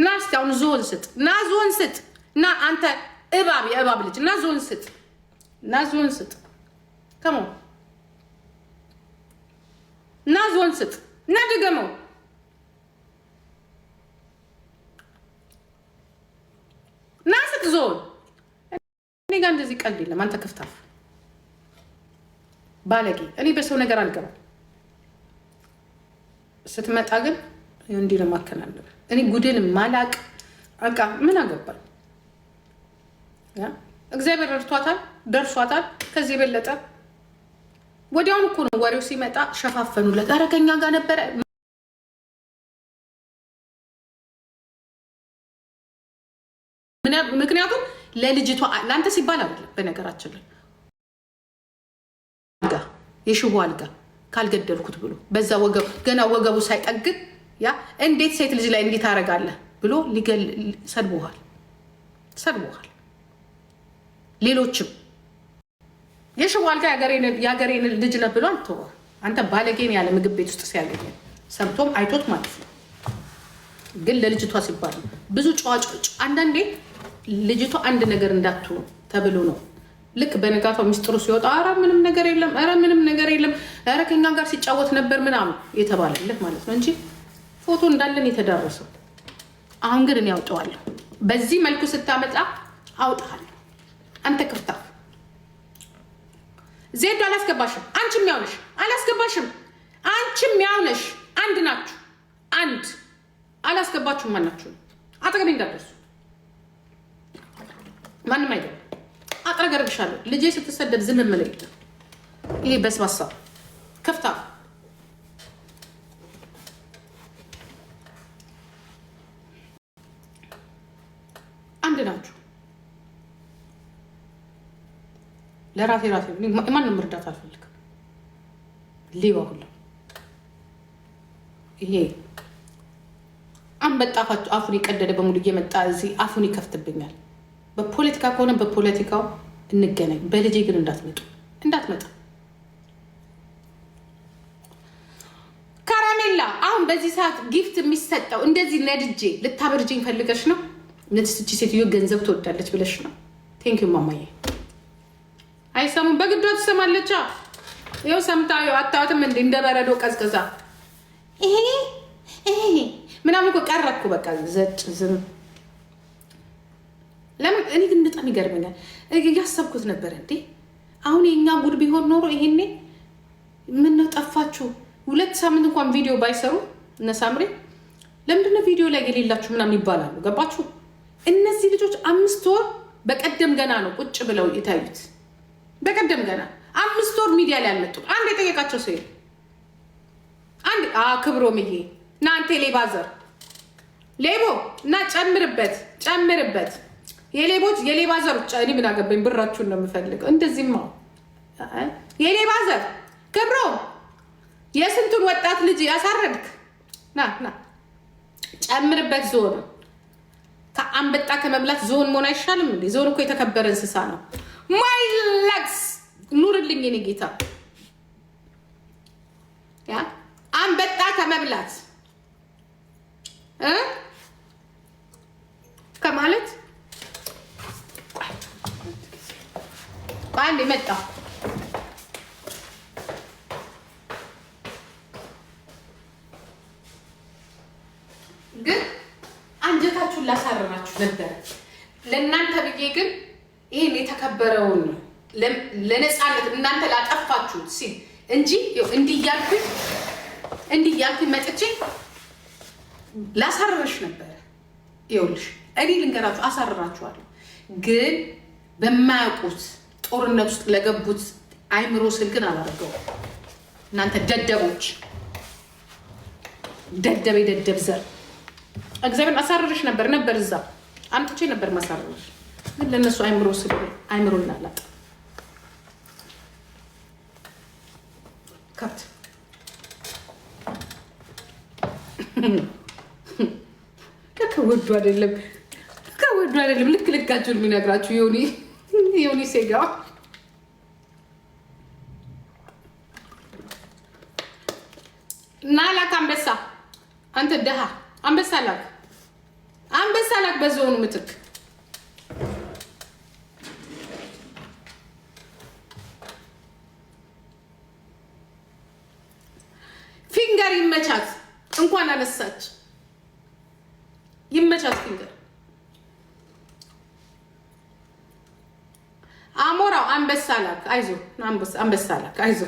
እና እስኪ አሁን ዞን ስጥ እና ዞን ስጥ እና አንተ እባብ የእባብ ልጅ እና ዞን ስጥ እና ዞን ስጥ ከሞ እና ዞን ስጥ እና ድገመው እና ስጥ ዞን እኔ ጋር እንደዚህ ቀልድ የለም። አንተ ክፍታፍ ባለጌ፣ እኔ በሰው ነገር አልገባም። ስትመጣ ግን እንዲህ ለማከናነብ እኔ ጉድን ማላቅ በቃ ምን አገባል። እግዚአብሔር ረድቷታል፣ ደርሷታል። ከዚህ የበለጠ ወዲያውን እኮ ነው ወሬው ሲመጣ ሸፋፈኑለት። ኧረ ከእኛ ጋር ነበረ ምክንያቱም ለልጅቷ ለአንተ ሲባል አለ። በነገራችን ላይ የሽቦ አልጋ ካልገደልኩት ብሎ በዛ ወገቡ ገና ወገቡ ሳይጠግብ ያ እንዴት ሴት ልጅ ላይ እንዴት ታደርጋለህ ብሎ ሊገል ሰድቦሃል ሰድቦሃል። ሌሎችም የሽው አልጋ ልጅ ነህ ብሎ አንተ አንተ ባለጌን ያለ ምግብ ቤት ውስጥ ሲያገኘ ሰምቶም አይቶት ማለት ነው። ግን ለልጅቷ ሲባል ብዙ ጨዋጮች አንዳንዴ ልጅቷ አንድ ነገር እንዳቱ ተብሎ ነው። ልክ በነጋታው ሚስጥሩ ሲወጣ ኧረ ምንም ነገር የለም፣ ኧረ ምንም ነገር የለም፣ ኧረ ከኛ ጋር ሲጫወት ነበር ምናምን የተባለለት ማለት ነው እንጂ ፎቶ እንዳለን የተዳረሰው። አሁን ግን እኔ አውጠዋለሁ። በዚህ መልኩ ስታመጣ አውጥሃለሁ። አንተ ክፍታ ዜዶ አላስገባሽም። አንችም ያውነሽ አላስገባሽም። አንችም ያውነሽ አንድ ናችሁ። አንድ አላስገባችሁም። ማናችሁ አጠገቤ እንዳደርሱ ማንም አይደለም። አጥረገርግሻለሁ። ልጄ ስትሰደብ ዝም ይሄ በስባሳ ክፍታ ለራሴ ራሴ ማንም እርዳታ አልፈልግም። ሌባ ሁሉ ይሄ አንበጣ አፉን የቀደደ በሙሉ እየመጣ እዚህ አፉን ይከፍትብኛል። በፖለቲካ ከሆነ በፖለቲካው እንገናኝ፣ በልጄ ግን እንዳትመጡ እንዳትመጣ። ከረሜላ አሁን በዚህ ሰዓት ጊፍት የሚሰጠው እንደዚህ ነድጄ ልታበርጅኝ ፈልገሽ ነው? ነትስቺ ሴትዮ ገንዘብ ትወዳለች ብለሽ ነው? ቴንኪዩ ማማዬ አትሰሙም? በግዷ ትሰማለቻ። ይኸው ሰምታ አታዋትም። እንደ እንደ በረዶ ቀዝቅዛ ምናምን እኮ ቀረኩ። በቃ ዘጭ ዝም ለምን እኔ ግን በጣም ይገርመኛል። እያሰብኩት ነበር እንዴ አሁን የእኛ ጉድ ቢሆን ኖሮ ይሄኔ ምነው ጠፋችሁ? ሁለት ሳምንት እንኳን ቪዲዮ ባይሰሩ እነ ሳምሬ ለምንድነው ቪዲዮ ላይ የሌላችሁ ምናምን ይባላሉ። ገባችሁ? እነዚህ ልጆች አምስት ወር በቀደም ገና ነው ቁጭ ብለው የታዩት። በቀደም ገና አምስት ወር ሚዲያ ላይ አልመጡም። አንድ የጠየቃቸው ሰው አንድ ክብሮም፣ ይሄ እናንተ ሌባ ዘር ሌቦ እና ጨምርበት ጨምርበት የሌቦች የሌባ ዘሮች እኔ ምን አገባኝ? ብራችሁን ነው የምፈልገው። እንደዚህማ የሌባ ዘር ክብሮ የስንቱን ወጣት ልጅ ያሳረድክ ና ና ጨምርበት ዞን ከአንበጣ ከመብላት ዞን መሆን አይሻልም ዞን እኮ የተከበረ እንስሳ ነው ማይ ጻፍልኝ የኔ ጌታ። ያ አንበጣ ከመብላት ከማለት ቋንዴ መጣ ግን አንጀታችሁን ላሳረራችሁ ነበር ለእናንተ ብዬ ግን ይህን የተከበረውን ነው ለነፃነት እናንተ ላጠፋችሁት ሲል እንጂ እንዲያልኩኝ እንዲያልኩኝ መጥቼ ላሳርረሽ ነበረ። ይኸውልሽ እኔ ልንገራችሁ፣ አሳርራችኋለሁ። ግን በማያውቁት ጦርነት ውስጥ ለገቡት አይምሮ ስል ግን አላደርገው። እናንተ ደደቦች፣ ደደብ፣ የደደብ ዘር እግዚአብሔር አሳርርሽ ነበር ነበር እዛ አምጥቼ ነበር ማሳርርሽ። ግን ለእነሱ አይምሮ ስል አይምሮ እናላጥ ከብት ከወዱ አይደለም ከወዱ አይደለም። ልክ ልካችሁን የሚነግራችሁ የሆኒ የሆኒ ሴጋ ና ላክ አንበሳ አንተ ደሃ አንበሳ ላክ አንበሳ ላክ በዝሆኑ ምትክ ፊንገር ይመቻት፣ እንኳን አነሳች። ይመቻት ፊንገር። አሞራው አንበሳ ላክ፣ አይዞ አንበሳ ላክ፣ አይዞ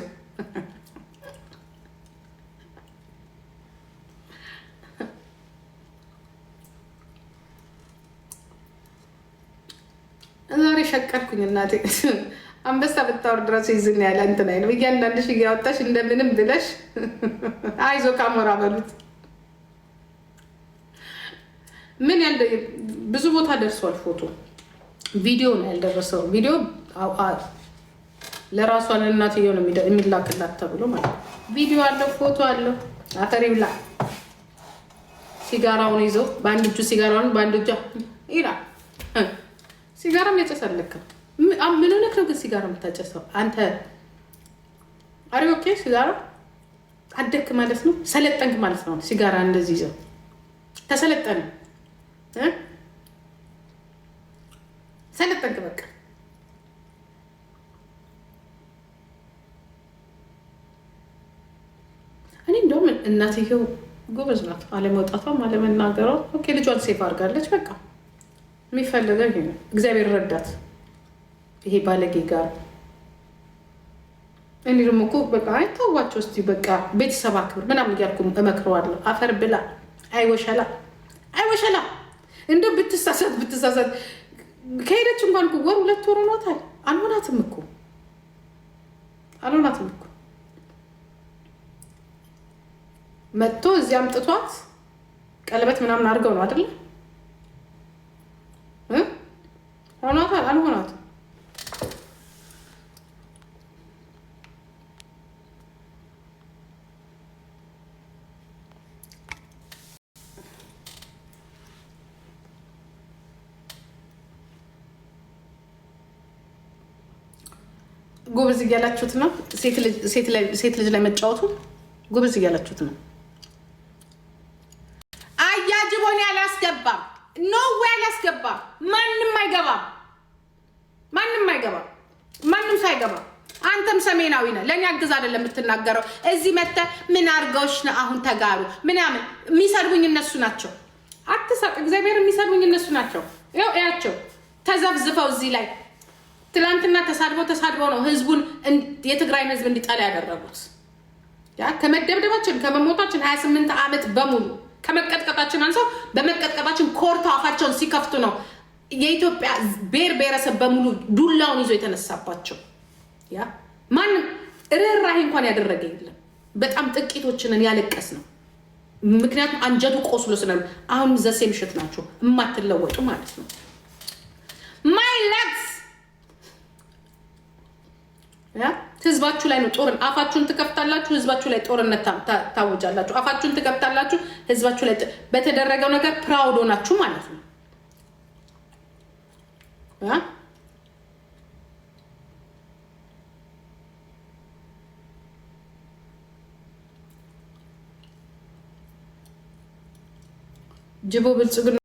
ዛሬ ሸቀርኩኝ እናቴ አንበሳ ብታወር ራሱ ይዝን ያለ እንትን አይልም። እያንዳንድሽ እያወጣሽ እንደምንም ብለሽ አይዞ ካሞራ በሉት። ምን ያል ብዙ ቦታ ደርሷል። ፎቶ ቪዲዮ ነው ያልደረሰው። ቪዲዮ ለራሷ ለእናትየው ነው የሚላክላት ተብሎ ማለት ቪዲዮ አለው፣ ፎቶ አለው። አተሪ ብላ ሲጋራውን ይዘው በአንድ እጁ ሲጋራውን በአንድ እጇ ይላል። ሲጋራም የጨሰለከም ምን ሆነህ ነው ግን ሲጋራ የምታጨሰው አንተ? አሪ ኦኬ። ሲጋራ አደክ ማለት ነው፣ ሰለጠንክ ማለት ነው። ሲጋራ እንደዚህ ይዘው ተሰለጠነ፣ ሰለጠንክ በቃ እኔ እንደውም እናትየው ጎበዝ ናት፣ አለመውጣቷም አለመናገሯ። ልጇን ሴፍ አድርጋለች። በቃ የሚፈልገው ይሄ ነው። እግዚአብሔር ረዳት። ይሄ ባለጌ ጋር እኔ ደግሞ እኮ በቃ አይታዋቸው እስቲ በቃ ቤተሰብ አክብር ምናምን እያልኩ እመክረዋለሁ። አፈር ብላ አይወሸላ አይወሸላ እንደ ብትሳሳት ብትሳሳት ከሄደች እንኳን ወር ሁለት ወር ሆኗታል። አልሆናትም እኮ አልሆናትም እኮ መጥቶ እዚህ አምጥቷት ቀለበት ምናምን አድርገው ነው አይደለ? ሆኗታል አልሆናት ጎበዝ እያላችሁት ነው። ሴት ልጅ ላይ መጫወቱ ጎበዝ እያላችሁት ነው። አያጅቦን ያላስገባም ኖዌ አላስገባም። ማንም አይገባም። ማንም አይገባም። ማንም ሰው አይገባም። አንተም ሰሜናዊ ነህ። ለእኔ አግዝ አይደለም የምትናገረው። እዚህ መተ ምን አድርገውሽ ነው አሁን ተጋሩ ምናምን የሚሰድቡኝ እነሱ ናቸው። አትሳቅ። እግዚአብሔር የሚሰድቡኝ እነሱ ናቸው። ያቸው እያቸው ተዘብዝፈው እዚህ ላይ ትላንትና ተሳድበው ተሳድበው ነው ህዝቡን የትግራይን ህዝብ እንዲጠላ ያደረጉት። ያ ከመደብደባችን ከመሞታችን 28 ዓመት በሙሉ ከመቀጥቀጣችን አንሰው በመቀጥቀጣችን ኮርቶ አፋቸውን ሲከፍቱ ነው የኢትዮጵያ ብሔር ብሔረሰብ በሙሉ ዱላውን ይዞ የተነሳባቸው። ያ ማንም ርኅራሄ እንኳን ያደረገ የለም። በጣም ጥቂቶችንን ያለቀስ ነው። ምክንያቱም አንጀቱ ቆስሎ ስለ አሁን ዘሴ ምሽት ናቸው የማትለወጡ ማለት ነው። ህዝባችሁ ላይ ነው ጦርን። አፋችሁን ትከፍታላችሁ፣ ህዝባችሁ ላይ ጦርነት ታወጃላችሁ። አፋችሁን ትከፍታላችሁ፣ ህዝባችሁ ላይ በተደረገው ነገር ፕራውድ ሆናችሁ ማለት ነው። ጅቦ ብልጽግና